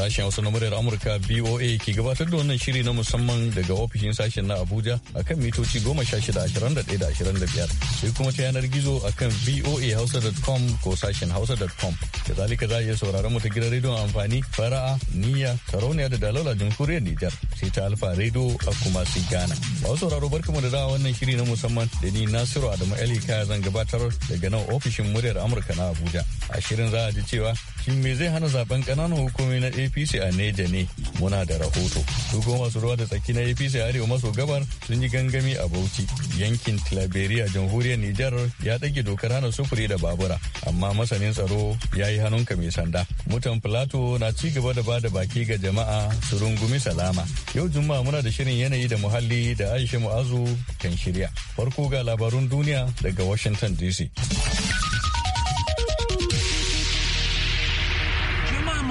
Sashen Hausa na muryar Amurka BOA ke gabatar da wannan shiri na musamman daga ofishin sashen na Abuja a kan mitoci 16-21-25 sai kuma ta yanar gizo akan voahausa.com ko sashen hausa.com. Da zalika za a iya sauraron mu ta gidan rediyon amfani fara'a niyya sarauniya da dalola jamhuriyar Nijar sai ta alfa rediyo a kuma su Ghana. Ba sauraro barkamu da dawa wannan shiri na musamman da ni Nasiru Adamu Ali kaya zan gabatar daga nan ofishin muryar Amurka na Abuja. A shirin za a ji cewa shin me zai hana zaben kananan hukumomi na apc a neja ne muna da rahoto Dukkan kuma masu ruwa da tsaki na apc a arewa maso gabar sun yi gangami a bauchi yankin tilaberiya jamhuriyar nijar ya ɗage dokar hana sufuri da babura amma masanin tsaro ya yi hannunka mai sanda mutan plato na ci gaba da bada baki ga jama'a su rungumi salama yau juma'a muna da shirin yanayi da muhalli da aisha mu'azu kan shirya farko ga labarun duniya daga washington dc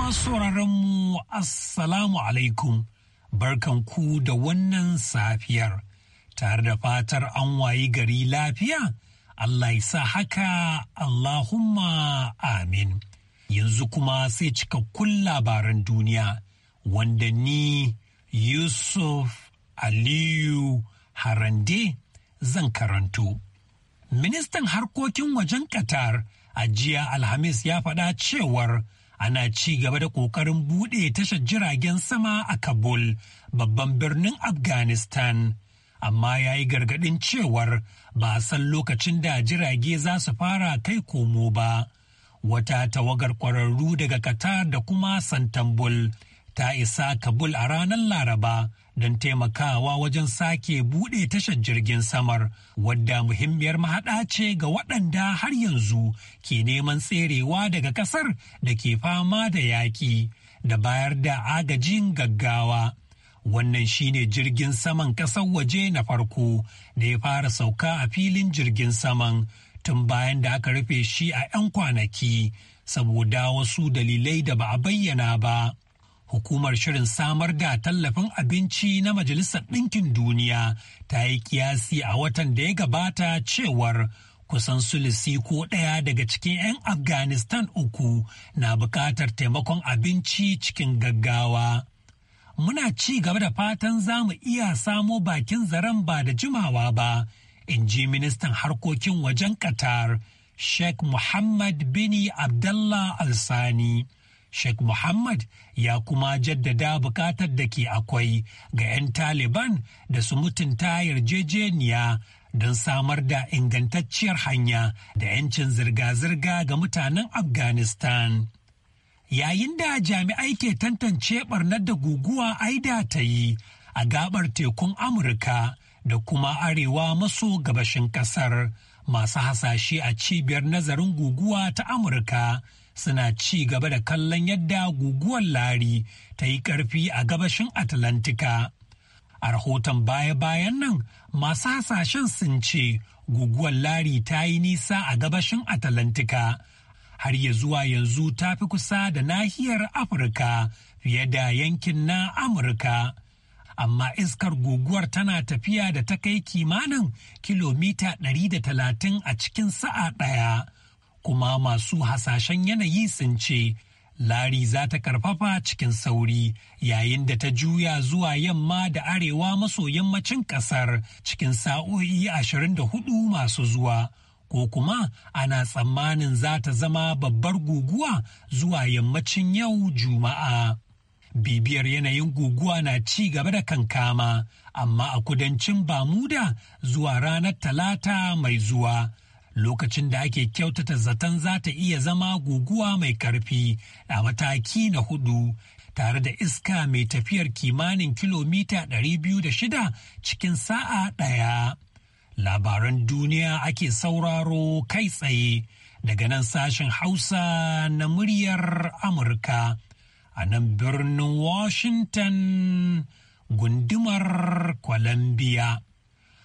sauraron mu Assalamu alaikum, barkan ku da wannan safiyar, tare da fatar an wayi gari lafiya, Allah ya sa haka Allahumma amin. Yanzu kuma sai cikakkun labaran duniya, wanda ni Yusuf Aliyu Harande zan karanto. Ministan harkokin wajen Qatar a jiya Alhamis ya faɗa cewar ana ci gaba da ƙoƙarin buɗe tashar jiragen sama a Kabul, babban birnin Afghanistan. Amma ya yi gargaɗin cewar ba a san lokacin da jirage za su fara kai komo ba. Wata tawagar ƙwararru daga Qatar da kuma Santambul ta isa Kabul a ranar Laraba don taimakawa wajen sake buɗe tashar jirgin samar wadda muhimmiyar mahaɗa ce ga waɗanda har yanzu ke neman tserewa daga ƙasar da ke fama da yaƙi da bayar da agajin gaggawa. Wannan shi ne jirgin saman ƙasar waje na farko da ya fara sauka a filin jirgin saman tun bayan da aka rufe shi a 'yan kwanaki saboda wasu dalilai da ba a bayyana ba. Hukumar Shirin Samar da Tallafin Abinci na Majalisar Ɗinkin Duniya ta yi kiyasi a watan da ya gabata cewar kusan sulisi ko ɗaya daga cikin 'yan Afghanistan uku na buƙatar taimakon abinci cikin gaggawa. Muna ci gaba da fatan za mu iya samo bakin zaren ba da jimawa ba, in ji ministan harkokin wajen Qatar, Sheikh Muhammad bin Abdullah Al-Sani. Sheikh Muhammad ya kuma jaddada bukatar da ke akwai ga 'yan Taliban da su mutunta yarjejeniya don samar da ingantacciyar hanya da 'yancin zirga-zirga ga mutanen Afghanistan. Yayin da jami'ai ke tantance barnar da guguwa aida ta yi a gabar tekun Amurka da kuma arewa maso gabashin kasar masu hasashe a cibiyar nazarin guguwa ta Amurka. suna ci gaba da kallon yadda guguwar lari ta yi ƙarfi a gabashin Atlantika. A rahoton baya-bayan nan masu hasashen sun ce guguwar lari ta yi nisa a gabashin Atlantika. Har ya zuwa yanzu ta fi kusa da nahiyar Afirka fiye da yankin na Amurka. Amma iskar guguwar tana tafiya da ta kai kimanin kilomita 130 a cikin sa'a ɗaya. kuma masu hasashen yanayi sun ce Lari za ta karfafa cikin sauri yayin da ta juya zuwa yamma da arewa maso yammacin kasar cikin sa'o'i 24 masu zuwa. Ko kuma ana tsammanin za ta zama babbar guguwa zuwa yammacin yau Juma'a. Bibiyar yanayin guguwa na ci gaba da kankama, amma a kudancin Bamuda zuwa ranar Talata mai zuwa. lokacin da ake kyautata zaton za ta iya zama guguwa mai karfi a mataki na hudu tare da iska mai tafiyar kimanin kilomita 206 cikin sa'a ɗaya. Labaran duniya ake sauraro kai tsaye daga nan sashen Hausa na muryar Amurka a nan birnin Washington gundumar Columbia.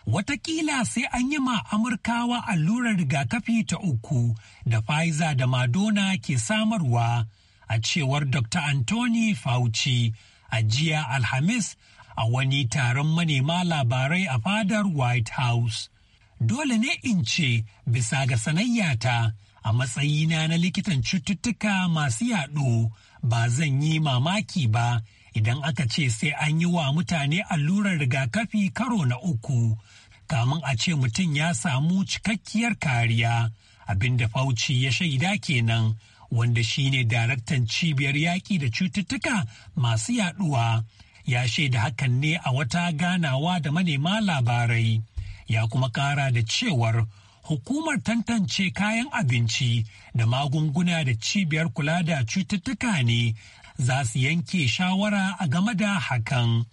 Wataƙila sai an yi ma Amurkawa allurar rigakafi ta uku da Pfizer da Madonna ke samarwa a cewar Dr. Anthony Fauci a jiya Alhamis a wani taron manema labarai a fadar White House. Dole ne in ce bisa ga sanayyata a matsayina na likitan cututtuka masu yaɗo ba zan yi mamaki ba idan aka ce sai an yi wa mutane allurar rigakafi karo na uku kamun a ce mutum ya samu cikakkiyar kariya abinda fauci ya shaida kenan wanda shine daraktan cibiyar yaƙi da cututtuka masu yaɗuwa ya shaida hakan ne a wata ganawa da manema labarai ya kuma ƙara da cewar hukumar tantance kayan abinci da magunguna da cibiyar kula da cututtuka ne za su yanke shawara a game da hakan.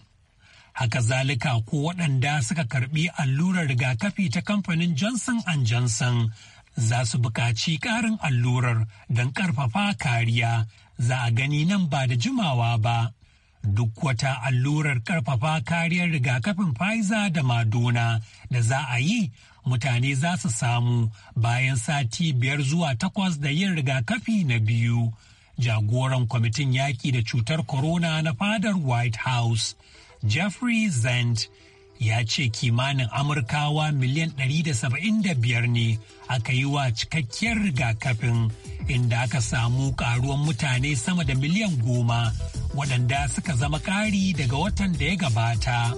Haka zalika ko waɗanda suka karɓi allurar rigakafi ta kamfanin Johnson Johnson za su buƙaci ƙarin allurar don ƙarfafa kariya za a gani nan ba da jimawa ba. Duk wata allurar ƙarfafa kariyar rigakafin Pfizer da Madonna da za a yi mutane za su samu bayan sati biyar zuwa takwas da yin rigakafi na biyu. jagoran kwamitin yaƙi da cutar corona na fadar white house jeffrey zent ya ce kimanin amurkawa miliyan 175 ne aka yi wa cikakkiyar rigakafin inda aka samu karuwan mutane sama da miliyan goma waɗanda suka zama ƙari daga watan da ya gabata.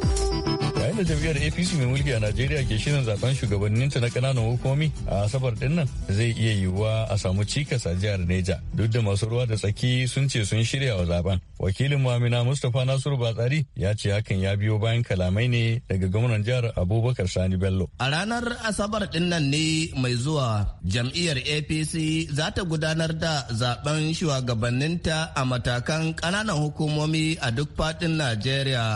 yayin da jam'iyyar apc mai mulki a najeriya ke shirin zaben shugabanninta na ƙananan hukumomi a asabar din zai iya yiwuwa a samu cikas a jihar neja duk da masu ruwa da tsaki sun ce sun shirya wa zaben wakilin mamina mustapha nasiru batsari ya ce hakan ya biyo bayan kalamai ne daga gwamnan jihar abubakar sani bello a ranar asabar din ne mai zuwa jam'iyyar apc za ta gudanar da zaben shugabanninta a matakan ƙananan hukumomi a duk faɗin najeriya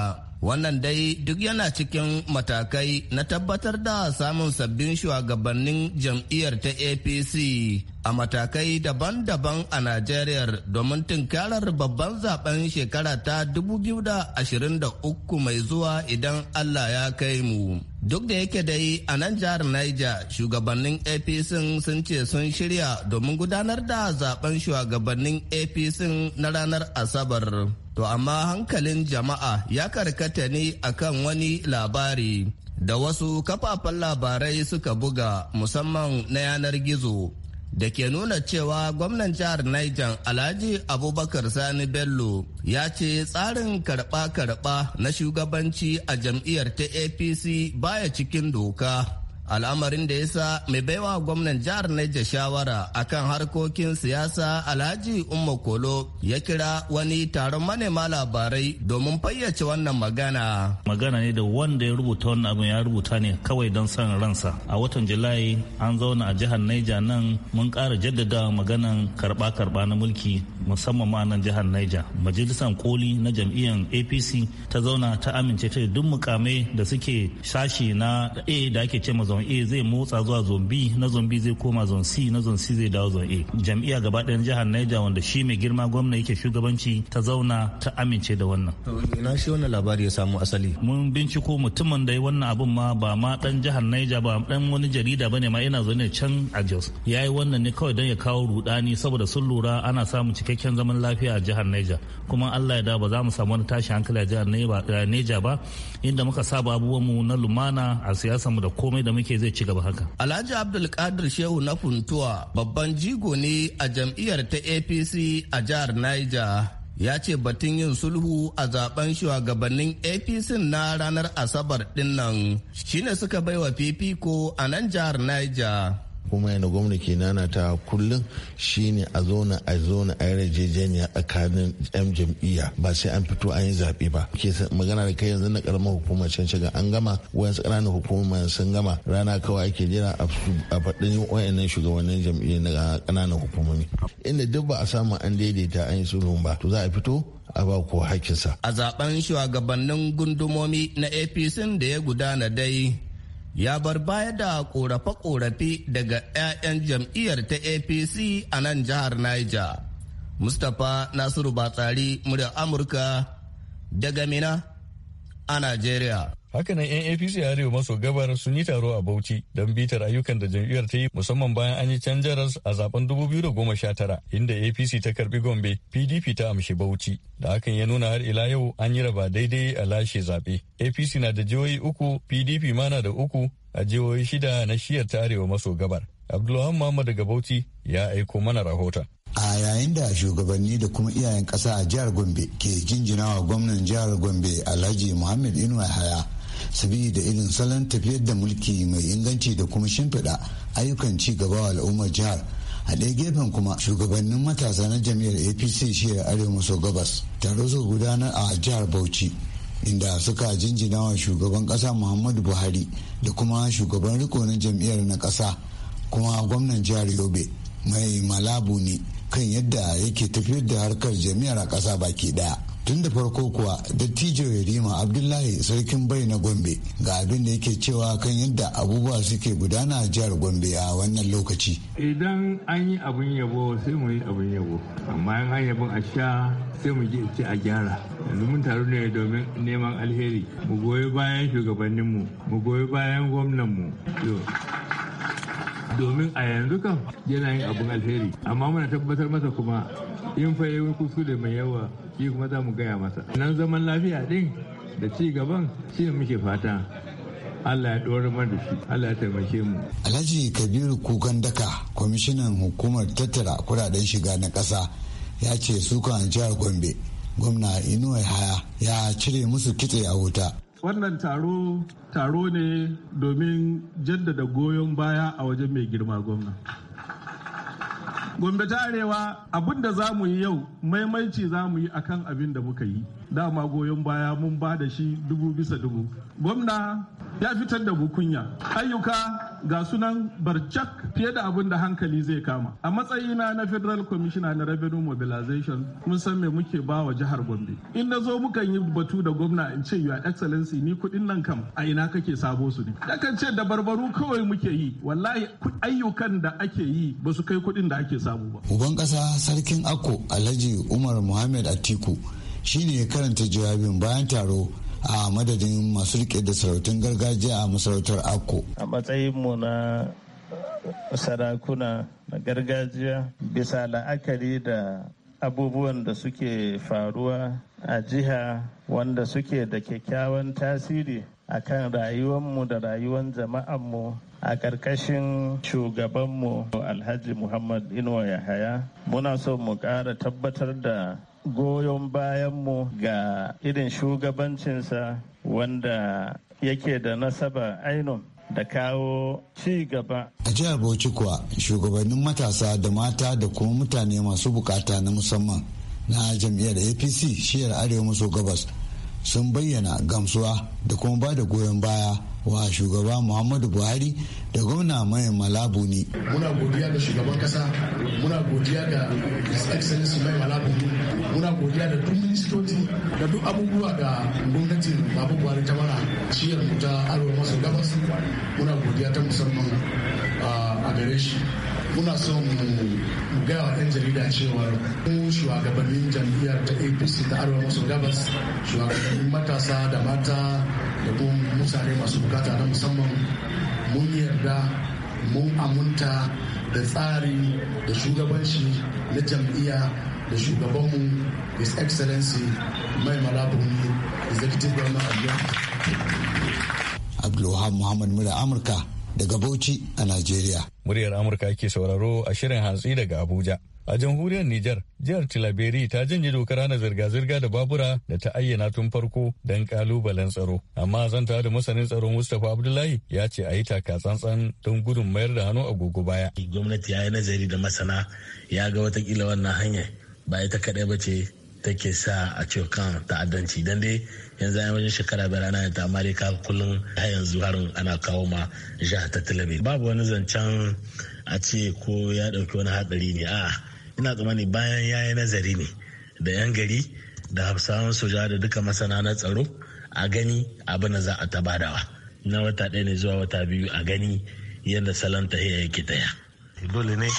wannan dai duk yana cikin matakai na tabbatar da samun sabbin shugabannin jam'iyyar ta apc a matakai daban-daban a najeriya domin tunkarar babban zaben shekara ta 2023 mai zuwa idan allah ya kai mu Duk da yake dai a nan jihar Niger shugabannin APC sun ce sun shirya domin gudanar da zaben shugabannin APC na ranar Asabar. To amma hankalin jama'a ya karkata ne akan wani labari da wasu kafafen labarai suka buga musamman na yanar gizo da ke nuna cewa gwamnan jihar Niger Alhaji Abubakar Sani Bello ya ce tsarin karɓa-karɓa na shugabanci a jam'iyyar ta APC baya cikin doka. al'amarin da ya sa mai baiwa gwamnan jihar Niger shawara akan harkokin siyasa Alhaji Umma Kolo ya kira wani taron manema labarai domin fayyace wannan magana. Magana ne da wanda ya rubuta wannan abin ya rubuta ne kawai don son ransa. A watan Julai an zauna a jihar Niger nan mun ƙara jaddada maganan karɓa-karɓa na mulki musamman ma nan jihar Niger. Majalisar koli na jam'iyyar APC ta zauna ta amince ta duk mukamai da suke sashi na A da ake ce mazauna zon a zai motsa zuwa zon b na zon b zai koma zon c na zon c zai dawo zon a jam'iyya gaba ɗayan jihar niger wanda shi mai girma gwamna yake shugabanci ta zauna ta amince da wannan ina shi wannan labari ya samu asali mun binciko mutumin da ya wannan abun ma ba ma ɗan jihar niger ba dan wani jarida bane ma yana zaune can a jos yayi wannan ne kawai don ya kawo rudani saboda sun lura ana samun cikakken zaman lafiya a jihar niger kuma allah ya da ba za mu samu wani tashi hankali a jihar niger ba inda muka saba abubuwan mu na lumana a siyasar mu da komai da muke yake zai ci gaba haka. Alhaji Abdulkadir Shehu na Funtuwa babban jigo ne a jam'iyyar ta APC a jihar Niger. ya ce batun yin sulhu a zaben shugabannin apc na ranar asabar dinnan shine suka baiwa fifiko a nan jihar niger kuma yana gwamna ke nana ta kullum shine a zona a zona a yarjejeniya tsakanin yan jam'iyya ba sai an fito an yi zaɓe ba ke magana da kai yanzu na karamar hukumar can shiga an gama wayan su ƙananan hukumar sun gama rana kawai ake jira a faɗin wayannan shugabannin jam'iyyar na ƙananan hukumomi inda duk ba a samu an daidaita an yi sulhun ba to za a fito a ba ko hakinsa a zaben shugabannin gundumomi na apc da ya gudana dai ya bar baya da korafe-korafe daga 'ya'yan jam'iyyar ta apc a nan jihar niger mustapha nasiru batsari murya amurka daga mina a nigeria Hakanan 'yan APC Arewa maso gabar sun yi taro a Bauchi don bitar ayyukan da jam'iyyar ta yi musamman bayan an yi canjaras a zaben 2019 inda APC ta karbi Gombe PDP ta amshi Bauchi. Da hakan ya nuna har ila yau an yi raba daidai a lashe zaɓe. APC na da jihohi uku, PDP mana da uku a jihohi shida na shiyar ta Arewa maso gabar. Abdullahi Muhammad daga Bauchi ya aiko mana rahoton. a yayin da shugabanni da kuma iyayen kasa a jihar gombe ke jinjinawa gwamnan jihar gombe alhaji muhammad inuwa haya sabida irin salon tafiyar da mulki mai inganci da kuma shimfiɗa ayyukan ci gaba wa al'ummar jihar a ɗaya gefen kuma shugabannin matasa na jami'ar apc shiyar arewa maso gabas taro su gudanar a jihar bauchi inda suka jinjina wa shugaban ƙasa muhammadu buhari da kuma shugaban riko na jam'iyyar na ƙasa kuma gwamnan jihar yobe mai malabu ne kan yadda yake tafiyar da harkar jami'ar a ƙasa baki ɗaya tun da farko kuwa dattijo yarima abdullahi sarkin bai na gombe ga abin da yake cewa kan yadda abubuwa suke gudana a jihar gombe a wannan lokaci idan an yi abin yabo sai mu yi abin yabo amma an an yabon a sha sai mu ce a gyara yanzu mun taru ne domin neman alheri mu goyi bayan shugabanninmu mu goyi bayan gwamnanmu domin a yanzu kan yana yin abin alheri amma muna tabbatar masa kuma in fa yayi mai yawa shi kuma za mu gaya masa nan zaman lafiya din da ci gaban shi ne muke fata Allah ya ɗora mar da shi Allah ya taimake mu. Alhaji Kabiru Kukan Daka kwamishinan hukumar tattara kudaden shiga na ƙasa ya ce sukan kan jihar Gombe gwamna Inuwa Haya ya cire musu kitse a wuta. Wannan taro taro ne domin jaddada goyon baya a wajen mai girma gwamna. Gombe ta Arewa abin da za mu yi yau maimaici za mu yi akan abin da muka yi. dama goyon baya mun ba da shi dubu bisa dubu gwamna ya fitar da bukunya ayyuka ga sunan barcak fiye da abin da hankali zai kama a matsayina na federal commissioner na revenue mobilization mun san me muke ba wa jihar gombe in na zo mukan yi batu da gwamna in ce your excellency ni kudin nan kam a ina kake sabo su ne yakan ce da barbaru kawai muke yi wallahi ayyukan da ake yi ba su kai kuɗin da ake sabo ba uban ƙasa sarkin akko alhaji umar muhammad atiku shine ya karanta jawabin bayan taro a madadin masu rike da sarautun gargajiya a masarautar akko a matsayinmu na sarakuna na gargajiya bisa la'akari da abubuwan da suke faruwa a jiha wanda suke da kyakkyawan tasiri a kan rayuwanmu da rayuwan jama'anmu a ƙarƙashin shugabanmu alhaji muhammad inuwa yahaya muna so mu ƙara tabbatar da goyon bayan mu ga irin shugabancinsa wanda yake da nasaba ainihin da kawo ci gaba. A jihar Bauchi kuwa shugabannin matasa da mata da kuma mutane masu bukata na musamman na jam'iyyar APC shiyar Arewa maso gabas sun bayyana gamsuwa da kuma ba da goyon baya wa shugaba muhammadu buhari da gwamna mai malabu ne muna godiya ga shugaban kasa muna godiya ga his excellency mai malabu muna godiya da duk ministoci da duk abubuwa da gwamnatin babu buhari ta mana ciyar mu ta arewa maso gabas muna godiya ta musamman ah, a gare shi muna son mu gaya wa 'yan jarida cewa mu shugabannin jam'iyyar ta apc ta arewa maso gabas shugabannin matasa da mata da kuma mutane masu bukata na musamman mun yarda mun amunta da tsari da shugabanci na jam'iyya da shugabanmu his excellency mai malabuni executive governor of Abdullahi muhammad mura amurka daga Bauchi a Najeriya. Muryar Amurka ke sauraro a shirin hantsi daga Abuja. A jamhuriyar Nijar, jihar Tilaberi ta janye dokar hana zirga-zirga da babura da ta ayyana tun farko don kalubalen tsaro. Amma zanta da masanin tsaron Mustapha Abdullahi ya ce a yi taka tsantsan don gudun mayar da hannu a gogo baya. Gwamnati ya yi nazari da masana ya ga watakila wannan hanyar ba ita kaɗai ba ce take sa a ce kan ta'addanci dan dai yanzu an wajen shekara biyar ana ya tamari ka kullum har yanzu harin ana kawo ma jiha ta talabi babu wani zancen a ce ko ya ɗauki wani hatsari ne a ina tsammani bayan ya yi nazari ne da yan gari da hafsawan soja da duka masana na tsaro a gani abin da za a tabadawa na wata ɗaya ne zuwa wata biyu a gani yadda salon ta tahiya yake taya dole ne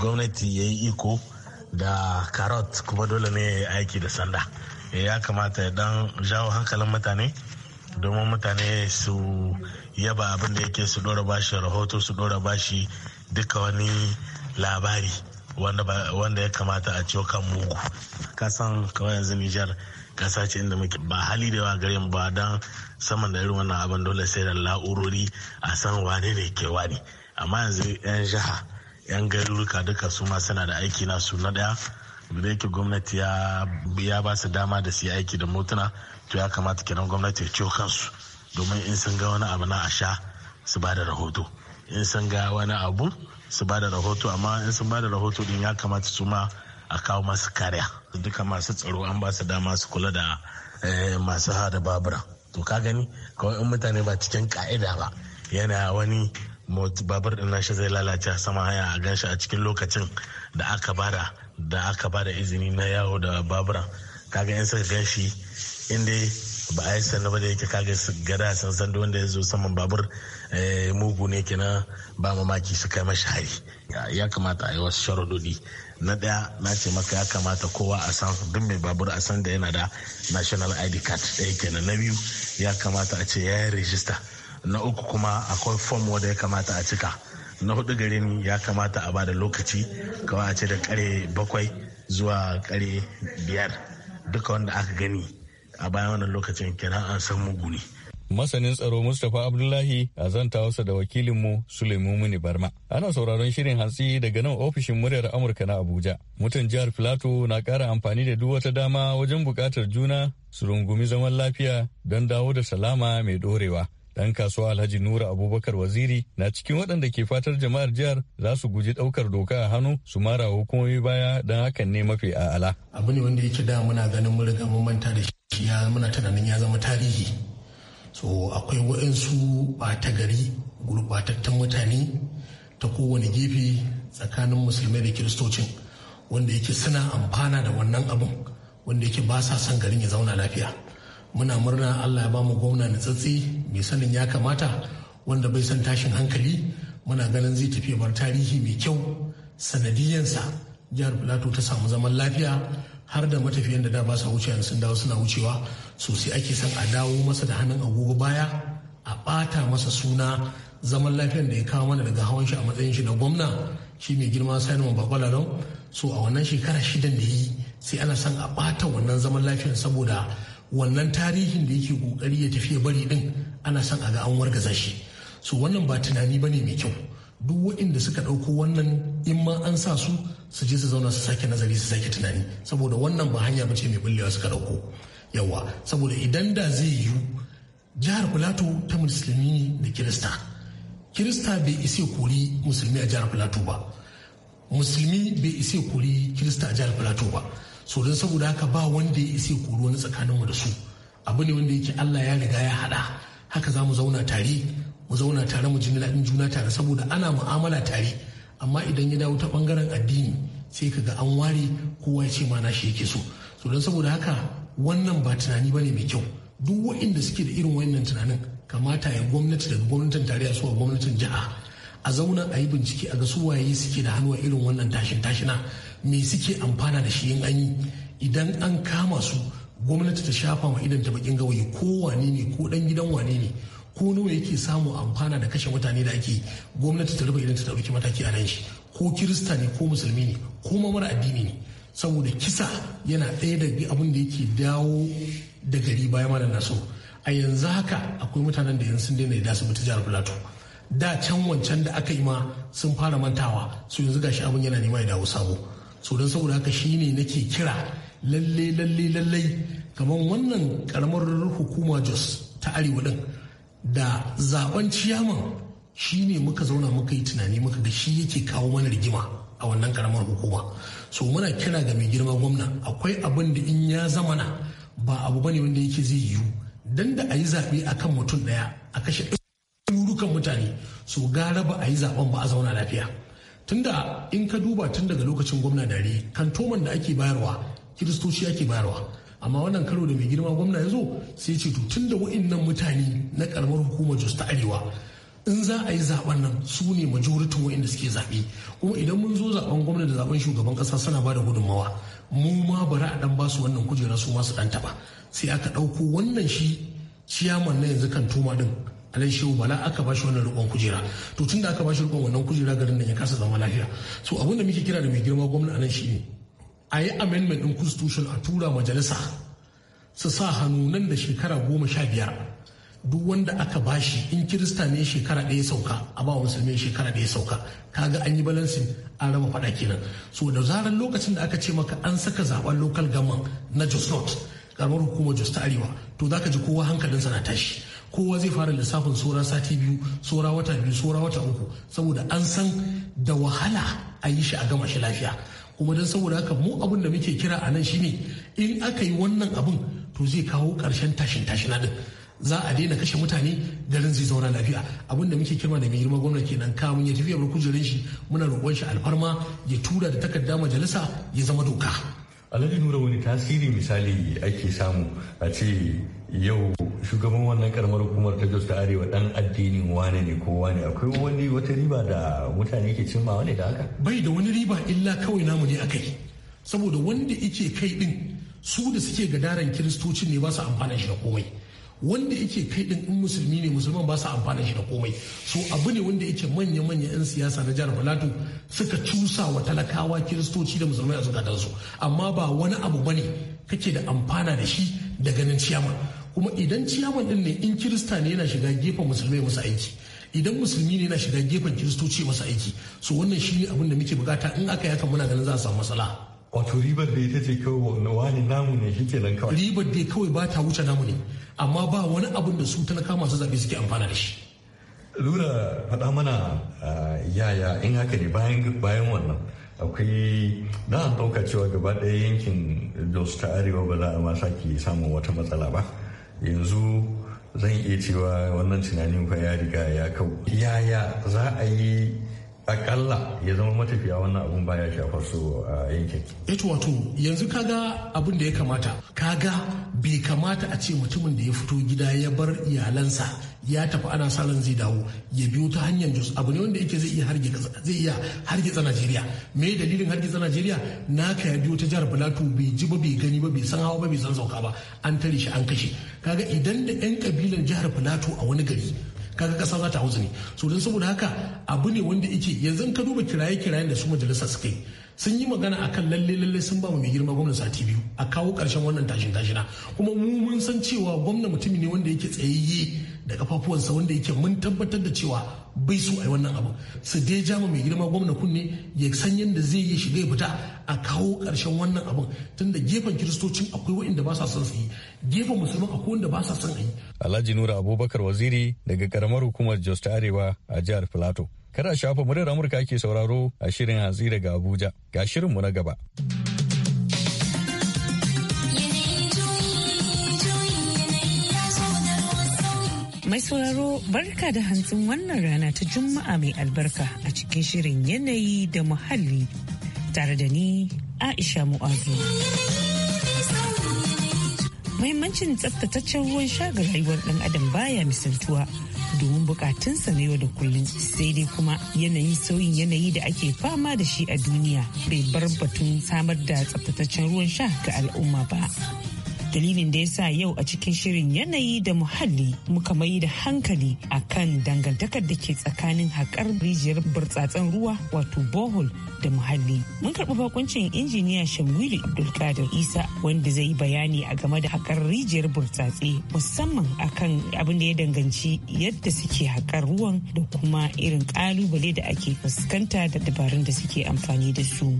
gwamnati ya yi iko da karot kuma dole ne ya aiki da sanda eh, ya kamata ya dan jawo hankalin mutane domin mutane su yaba abin da yake su dora bashi rahoto su dora bashi duka wani labari wanda ya kamata a ciwo kan mugu kasan kawai yanzu nijar kasa ce inda muke ba hali da yawa gare ba don saman da irin wannan abin dole sai da la'urori a san wane ne ke wani amma yanzu yan jiha yan garuruka duka su ma suna da aiki nasu na daya da yake gwamnati ya ba su dama da su yi aiki da motuna to ya kamata kenan gwamnati ya ciwo kansu domin in sun ga wani abu na asha su ba da rahoto in sun ga wani abu su ba da rahoto amma in sun ba da rahoto din ya kamata su ma a kawo masu kariya duka masu tsaro an ba su dama su kula da eh, masu hada babura to ka gani kawai in mutane ba cikin ka'ida ba yana wani babur din nashi zai lalace sama haya a ganshi a cikin lokacin da aka bada da aka bada izini na yawo da babura kaga yan suka ganshi inda ba a yi sannu ba da yake kaga gada sun san wanda ya zo saman babur eh, mugu ne kenan ba mamaki su kai mashi hari ya kamata a yi wasu sharadodi na daya na ce maka ya kamata kowa a san duk mai babur a san da yana da national id card ɗaya kenan na biyu ya kamata a ce ya yi rijista na uku kuma akwai fom wanda ya kamata a cika na hudu garin ya kamata a bada lokaci kawai a ce da kare bakwai zuwa kare biyar duka wanda aka gani a bayan wannan lokacin kenan an san mugu masanin tsaro Mustapha Abdullahi a zanta wasa da wakilinmu suleiman Muni Barma. Ana sauraron shirin hantsi daga nan ofishin muryar Amurka na Abuja. Mutan jihar Filato na kara amfani da duk wata dama wajen bukatar juna su rungumi zaman lafiya don dawo da salama mai ɗorewa. dan kasuwa alhaji nura abubakar waziri na cikin waɗanda ke fatar jama'ar jihar za su guji ɗaukar doka a hannu su mara hukumomi baya don hakan ne mafi a'ala abu ne wanda yake da muna ganin mun riga mun manta da shi ya muna tunanin ya zama tarihi so akwai waɗansu ɓata gari gurɓatattun mutane ta kowane gefe tsakanin musulmai da kiristocin wanda yake suna amfana da wannan abun wanda yake ba sa son garin ya zauna lafiya muna murna allah ya bamu gwamna natsatsi mai sanin ya kamata wanda bai san tashin hankali muna ganin zai tafi bar tarihi mai kyau sanadiyansa jihar Filato ta samu zaman lafiya har da matafiyan da da ba sa wucewa sun dawo suna wucewa sosai ake son a dawo masa da hannun agogo baya a ɓata masa suna zaman lafiyan da ya kawo mana daga hawan shi a matsayin shi na gwamna shi mai girma sanin bakwala don so a wannan shekara shidan da yi sai ana son a ɓata wannan zaman lafiyar saboda wannan tarihin da yake kokari ya tafi bari din ana son a ga an wargaza shi so wannan ba tunani ba ne mai kyau duk waɗanda suka ɗauko wannan in ma an sa su su je su zauna su sake nazari su sake tunani saboda wannan ba hanya ba ce mai bullewa suka ɗauko yawa saboda idan da zai yiwu jihar filato ta musulmi ne da kirista kirista bai isa kori musulmi a jihar filato ba musulmi bai isa kori kirista a jihar filato ba so don saboda haka ba wanda ya isa koro wani tsakaninmu da su abu ne wanda yake Allah ya riga ya haɗa haka za mu zauna tare mu zauna tare mu ji daɗin juna tare saboda ana mu'amala tare amma idan ya dawo ta bangaren addini sai ka ga an ware kowa ya ce ma na shi yake so so don saboda haka wannan ba tunani bane mai kyau duk waɗanda suke da irin wannan tunanin kamata ya gwamnati daga gwamnatin tarayya zuwa gwamnatin jiha a zauna a yi bincike a ga su waye suke da hannu a irin wannan tashin tashina me suke amfana da shi in an yi idan an kama su gwamnati ta shafa ma idan ta bakin gawayi ko wane ne ko dan gidan wane ne ko nawa yake samu amfana da kashe mutane da ake gwamnati ta rufe idan ta dauki mataki a nan shi ko kirista ne ko musulmi ne ko ma mara addini ne saboda kisa yana ɗaya da abin da yake dawo da gari baya mana na naso a yanzu haka akwai mutanen da yanzu sun daina da su mutu jihar plateau da can wancan da aka yi ma sun fara mantawa su yanzu gashi abin yana nema ya dawo sabo tsoron saboda haka shine nake kira lalle lalle lalle kamar wannan karamar hukuma jos ta arewa din da zaben ciyaman shine muka zauna muka yi tunani muka ga shi yake kawo mana rigima a wannan karamar hukuma so muna kira ga mai girma gwamna akwai abin da in ya zamana ba abu bane wanda yake zai yiwu dan da a yi zaɓe a kan mutum ɗaya a kashe ɗarurukan mutane so gara ba a yi zaɓen ba a zauna lafiya tunda in ka duba tun daga lokacin gwamna dare kantoman da ake bayarwa kiristoci ake bayarwa amma wannan karo da mai girma gwamna ya zo sai ce to tunda da nan mutane na karamar hukumar jos ta arewa in za a yi zaɓen nan su ne majoritin da suke zaɓe kuma idan mun zo zaben gwamna da zaben shugaban ƙasa suna ba da gudunmawa mu ma bari a dan basu wannan kujera su ma su dan taɓa sai aka ɗauko wannan shi ciyaman na yanzu kan toma din alai shehu bala aka bashi wannan rikon kujera to tunda aka bashi rikon wannan kujera garin nan ya kasa zama lafiya so abin da muke kira da mai girma gwamnati nan shine a yi amendment din constitution a tura majalisa su sa hannu nan da shekara goma sha biyar duk wanda aka bashi in kirista ne shekara ɗaya sauka a ba musulmi shekara ɗaya sauka kaga an yi balansin an raba faɗa kenan so da zarar lokacin da aka ce maka an saka zaben local government na jos north karamar hukumar jos ta arewa to zaka ji kowa hankalinsa na tashi kowa zai fara lissafin saura sati biyu saura wata biyu saura wata uku saboda an san da wahala a yi shi a gama shi lafiya kuma don saboda haka mu abin da muke kira a nan shine in aka yi wannan abin to zai kawo ƙarshen tashin tashin din za a daina kashe mutane garin zai zauna lafiya abin da muke kirma da mai girma gwamna kenan kamun ya tafi bar kujerin shi muna roƙon shi alfarma ya tura da takarda majalisa ya zama doka alhaji nura wani tasiri misali ake samu a ce yau shugaban wannan karamar hukumar ta jos ta arewa dan addinin wane ne ko wane akwai wani wata riba da mutane ke cimma wane da haka bai da wani riba illa kawai namu ne akai saboda wanda yake kai din su da suke gadaran kiristocin ne ba su amfana shi da komai wanda yake kai din in musulmi ne musulman ba su amfana shi da komai so abu ne wanda yake manya manya yan siyasa na jihar Plateau suka cusa wa talakawa kiristoci da musulmai a zukatansu amma ba wani abu bane kake da amfana da shi da ganin ciyama kuma idan ciyaman din ne in kirista ne yana shiga gefen musulmai masu aiki idan musulmi ne yana shiga gefen kiristoci masu aiki so wannan shine abin da muke bukata in aka hakan muna ganin za a samu matsala wato ribar da ita ce kawai wani namu ne shi kenan kawai ribar da kawai ba ta wuce namu ne amma ba wani abin da su talaka masu zaɓe suke amfana da shi lura faɗa mana yaya in haka ne bayan bayan wannan akwai na ɗauka cewa gaba ɗaya yankin jos ta arewa ba za a ma sake samun wata matsala ba yanzu zan iya cewa wannan tunanin fa ya riga ya kau yaya za a yi akalla ya zama matafiya wannan abun baya shafar su a yankin. Eto wato yanzu kaga abin da ya kamata kaga bai kamata a ce mutumin da ya fito gida ya bar iyalansa ya tafi ana salon zai dawo ya biyo ta hanyar jos abu ne wanda yake zai iya zai iya hargitsa Najeriya me dalilin hargitsa Najeriya naka ya biyo ta jihar Bilatu bai ji ba bai gani ba bai san hawa ba bai san sauka ba an tare shi an kashe kaga idan da yan kabilan jihar Bilatu a wani gari kaga kasa za ta hausa ne so don saboda haka abu ne wanda yake yanzu ka duba kiraye kirayen da su majalisa suka yi sun yi magana akan lalle lalle sun ba mu mai girma gwamnan sati biyu a kawo karshen wannan tashin tashina kuma mu mun san cewa gwamna mutumi ne wanda yake tsayayye da kafafuwansa wanda yake mun tabbatar da cewa bai so a yi wannan abu su dai jama mai girma gwamna kunne ya san yadda zai yi shiga ya fita a kawo karshen wannan abun tunda gefen kiristocin akwai waɗanda ba sa son su yi gefen musulman akwai wanda ba sa son a yi. alhaji nura abubakar waziri daga karamar hukumar jos ta arewa a jihar filato kada shafa murar amurka ke sauraro a shirin hatsi daga abuja ga shirinmu na gaba. Mai sauraro barka da hantsin wannan rana ta Juma'a mai albarka a cikin shirin yanayi da muhalli tare da ni Aisha Mu'azu. Muhimmancin tsaftataccen ruwan sha ga rayuwar ɗan adam baya misaltuwa domin bukatunsa na yau da kullum sai dai kuma yanayin sauyin yanayi da ake fama da shi a duniya bai bar batun samar da tsaftataccen ruwan sha ga al'umma ba. Dalilin da ya sa yau a cikin shirin yanayi da muhalli muka mai da hankali a kan dangantakar da ke tsakanin haƙar rijiyar burtsatsen ruwa wato bohol da muhalli. Mun karɓi bakuncin injiniya Shamwili Abdulkadir Isa wanda zai yi bayani a game da haƙar rijiyar burtsatse musamman akan abin da ya danganci yadda suke haƙar ruwan da kuma irin ƙalubale da ake fuskanta da dabarun da suke amfani da su.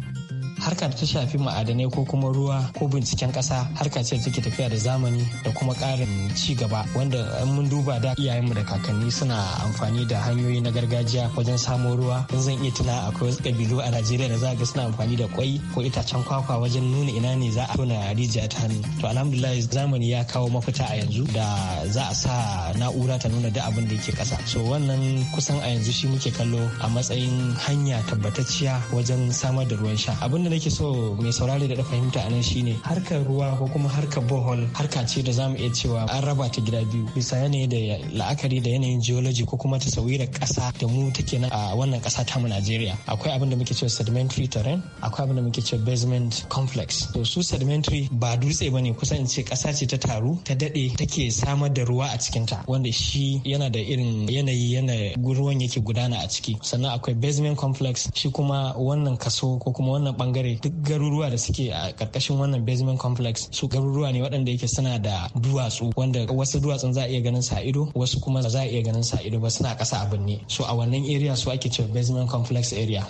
harka ta shafi ma'adanai ko kuma ruwa ko binciken ƙasa harka ce take tafiya da zamani da kuma ƙarin ci gaba wanda mun duba da iyayenmu da kakanni suna amfani da hanyoyi na gargajiya wajen samo ruwa in zan iya tuna akwai wasu ƙabilu a Najeriya da za ga suna amfani da kwai ko itacen kwakwa wajen nuna ina ne za a tona rijiya ta hannu to alhamdulillah zamani ya kawo mafita a yanzu da za a sa na'ura ta nuna da abin da yake ƙasa so wannan kusan a yanzu shi muke kallo a matsayin hanya tabbatacciya wajen samar da ruwan sha abin da ke so mai saurari da fahimta a nan shine harkar ruwa ko kuma harkar bohol harka ce da zamu iya cewa an raba ta gida biyu bisa yanayi da la'akari da yanayin geology ko kuma tasawirar ƙasa da mu take nan a wannan kasa ta mu Najeriya akwai abin da muke cewa sedimentary terrain akwai abin da muke cewa basement complex to su sedimentary ba dutse bane kusa in ce kasa ce ta taru ta dade take samar da ruwa a cikin ta wanda shi yana da irin yanayi yana ruwan yake gudana a ciki sannan akwai basement complex shi kuma wannan kaso ko kuma wannan bangare bangare duk garuruwa da suke a karkashin wannan basement complex su garuruwa ne waɗanda yake suna da duwatsu wanda wasu duwatsun za a iya ganin sa ido wasu kuma za a iya ganin sa ido ba suna ƙasa a binne so a wannan area su ake cewa basement complex area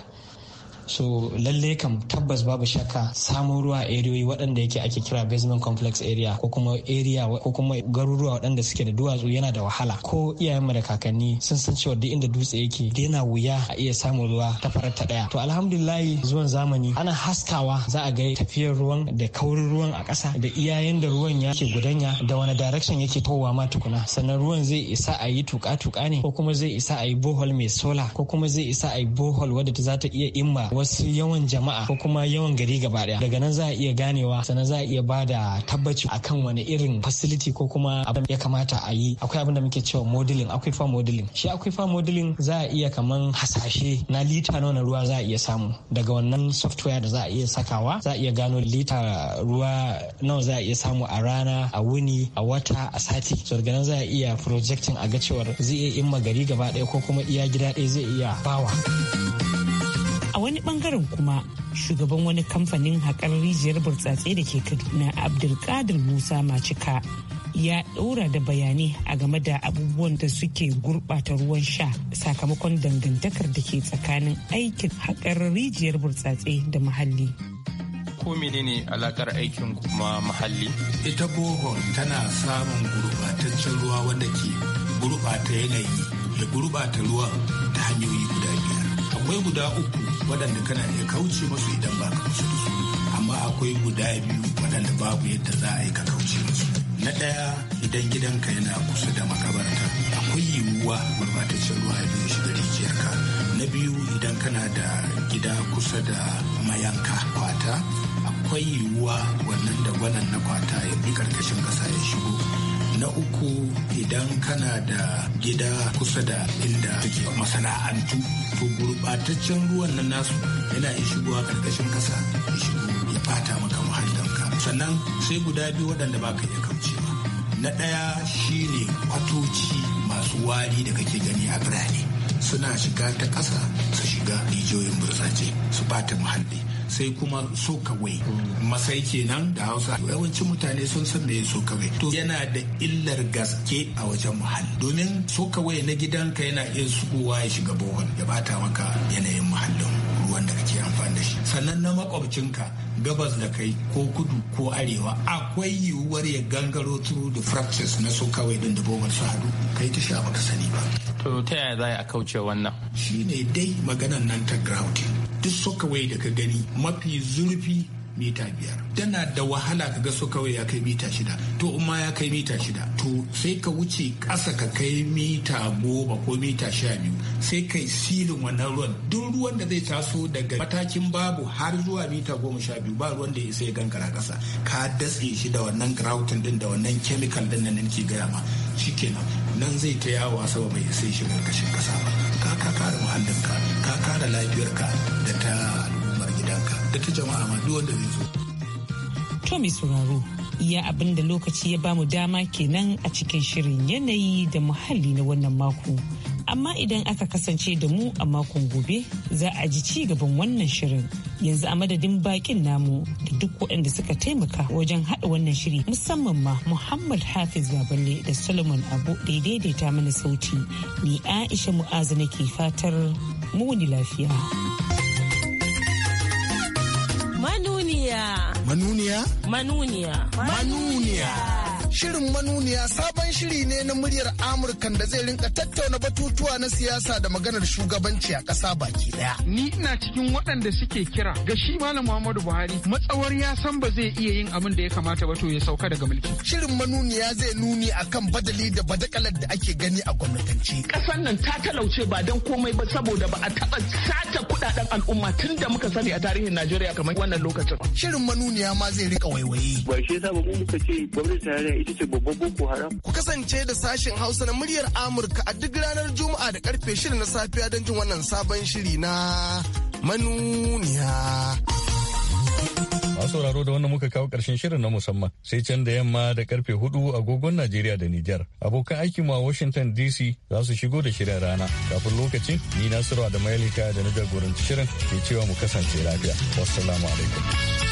so lalle kam tabbas babu shakka samun ruwa eriyoyi waɗanda yake ake kira basement complex area ko kuma area ko kuma garuruwa waɗanda suke da duwatsu yana da wahala ko iyayenmu da kakanni sun san cewa duk inda dutse yake yana wuya a iya samun ruwa ta farar ta daya to alhamdulillahi zuwan zamani ana haskawa za a ga tafiyar ruwan da kaurin ruwan a ƙasa da iyayen da ruwan yake gudanya da wani direction yake towa ma tukuna sannan ruwan zai isa a yi tuka-tuka ne ko kuma zai isa a yi bohol mai sola ko kuma zai isa a yi bohol wadda za ta iya imma wasu yawan jama'a ko kuma yawan gari gaba daya daga nan za a iya ganewa sannan za a iya ba da tabbaci akan wani irin facility ko kuma abin ya kamata a yi akwai abin da muke cewa modeling akwai fa modeling shi akwai fa modeling za a iya kaman hasashe na lita nawa na ruwa za a iya samu daga wannan software da za a iya sakawa za a iya gano lita ruwa nawa za a iya samu a rana a wuni a wata a sati so daga nan za a iya projecting a ga cewar zai iya in magari gaba daya ko kuma iya gida ɗaya zai iya bawa. a wani bangaren kuma shugaban wani kamfanin haƙar rijiyar burtsatse da ke kaduna abdulkadir musa macika ya ɗora da bayanai a game da abubuwan da suke gurɓata ruwan sha sakamakon dangantakar da ke tsakanin aikin haƙar rijiyar burtsatse da muhalli. ko menene alakar aikin kuma muhalli? Ita bohol tana samun gurɓataccen ruwa wanda ke gurbata yanayi ya gurbata ruwa ta hanyoyi guda biyar. akwai guda uku waɗanda kana iya kauce masu idan ba ka da su amma akwai guda biyu waɗanda babu yadda za a yi ka kauce masu na ɗaya idan gidanka yana kusa da makabarta akwai yiwuwa gurbataccen ruwa ya biyo shiga rijiyarka na biyu idan kana da gida kusa da mayanka kwata akwai yiwuwa wannan da wannan na kwata ya bi karkashin ƙasa ya shigo na uku idan kana da gida kusa da inda take masana'antu to gurɓataccen ruwan nan nasu yana iya shigowa karkashin ƙasa ya shigo ya fata maka muhallinka sannan sai guda biyu waɗanda ba ka iya kaucewa na ɗaya shine kwatoci masu wari da kake gani a birane suna shiga ta ƙasa su shiga rijiyoyin burtsatse su bata muhalli sai kuma so kawai masai kenan da hausa yawancin mutane sun san me so kawai to yana da illar gaske a wajen muhalli domin so kawai na gidanka yana iya sukuwa ya shiga bohon ya bata maka yanayin muhallin ruwan da kake amfani da shi sannan na makwabcinka gabas da kai ko kudu ko arewa akwai yiwuwar ya gangaro turu da fractures na so kawai din da bohon su hadu kai ta sha baka sani ba to ta yaya za a kauce wannan shine dai maganan nan ta grouting duk sokawai da ka gani mafi zurfi mita biyar tana da wahala ka ga sokawai ya kai mita shida to umma ya kai mita shida to sai ka wuce kasa ka kai mita goma ko mita sha biyu sai kai silin wannan ruwan duk ruwan da zai taso daga matakin babu har zuwa mita goma sha biyu ba ruwan da ya sai gangara kasa ka datse shi da wannan grautin din da wannan kemikal din da ke gaya ma shikenan nan zai ta yawa saboda bai sai shi ƙarƙashin ƙasa ba ka ka kare muhallinka ka kare lafiyarka da ta al'ummar gidanka da ta jama'a ma duk wanda zai zo. To mai sauraro iya abin da lokaci ya bamu dama kenan a cikin shirin yanayi da muhalli na wannan mako. Amma idan aka kasance da mu a makon gobe za a ji ci gaban wannan shirin. Yanzu a madadin bakin namu da duk waɗanda suka taimaka wajen haɗa wannan shiri musamman ma Muhammad Hafiz Baballe da Solomon Abu da daidaita mana sauti. Ni Aisha Mu'azu nake fatar muni lafiya. Manuniya. Manuniya? Manuniya. Manuniya. Shirin manuniya sabon shiri ne na muryar Amurkan da zai rinka tattauna batutuwa na siyasa da maganar shugabanci a ƙasa baki daya. Ni ina cikin waɗanda suke kira ga shi Malam Muhammadu Buhari matsawar ya san ba zai iya yin abin da ya kamata ba to ya sauka daga mulki. Shirin manuniya zai nuni akan badali da badakalar da ake gani a gwamnatance. Ƙasar nan ta talauce ba don komai ba saboda ba a taɓa satar kudaden al'umma tun da muka sani a tarihin Najeriya kamar wannan lokacin. Shirin manuniya ma zai rika waiwaye. Ba shi yasa ba muka ce gwamnati tarayya ita ce babban boko haram. Ku kasance da sashen Hausa na muryar Amurka a duk ranar Juma'a da karfe shirin na safiya don jin wannan sabon shiri na manuniya. Masu sauraro da wannan muka kawo ƙarshen shirin na musamman sai can da yamma da karfe hudu agogon Najeriya da Nijar. Abokan aiki a Washington DC za su shigo da shirin rana. Kafin lokacin ni Nasiru da Mailika da na jagoranci shirin ke cewa mu kasance lafiya. Wassalamu alaikum.